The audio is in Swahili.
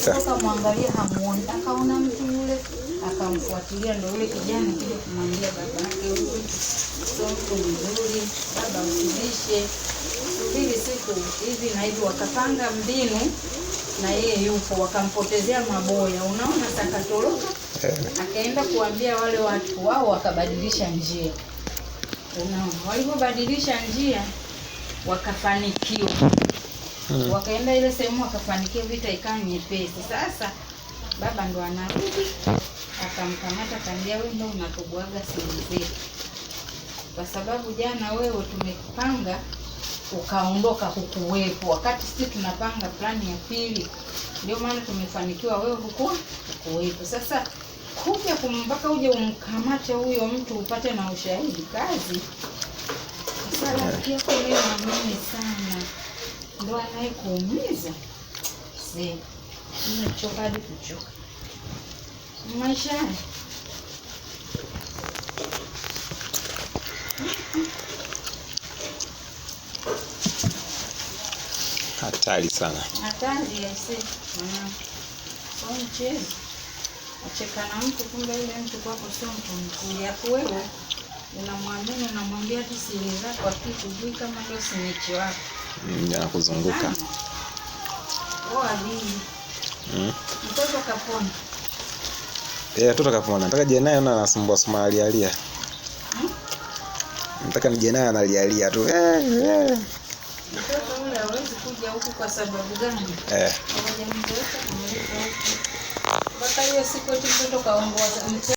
Sasa mwangalia hamuoni, akaona mtu yule akamfuatilia, ndio yule kijana kile kumwambia baba yake, huyu sio mtu mzuri, baba mrudishe, hivi siku hivi na hivi. Wakapanga mbinu na yeye yupo, wakampotezea maboya, unaona sakatoroka. Eh. Akaenda kuambia wale watu wao, wakabadilisha njia, unaona walivyobadilisha njia wakafanikiwa mm. Wakaenda ile sehemu wakafanikiwa, vita ikawa nyepesi. Sasa baba ndo anarudi akamkamata, kaambia, wewe ndo unatoboaga simu zetu, kwa sababu jana wewe tumepanga ukaondoka, hukuwepo wakati sisi tunapanga plani ya pili, ndio maana tumefanikiwa, wewe huku hukuwepo. Sasa kuja mpaka uje umkamate huyo mtu upate na ushahidi, kazi sala yako mimi sana ndo anayekuumiza nimechoka hadi kuchoka maishani. Hatari sana, hatari aise, sio mchezo. Acheka na mtu, kumbe yule mtu kwako sio mtu mzuri, akuwewe unamwamini, unamwambia tu siri zako, akikujui kama ndio sinichi wako anakuzunguka hmm? mtoto kapona. Eh, mtoto kapona. Nataka je naye ona anasumbua alia alialia. Hmm? Nataka nije naye analialia tu. Eh, eh, Mtoto yule hawezi kuja huku kwa sababu gani? Eh. Mpaka hiyo siku tu mtoto kaongoza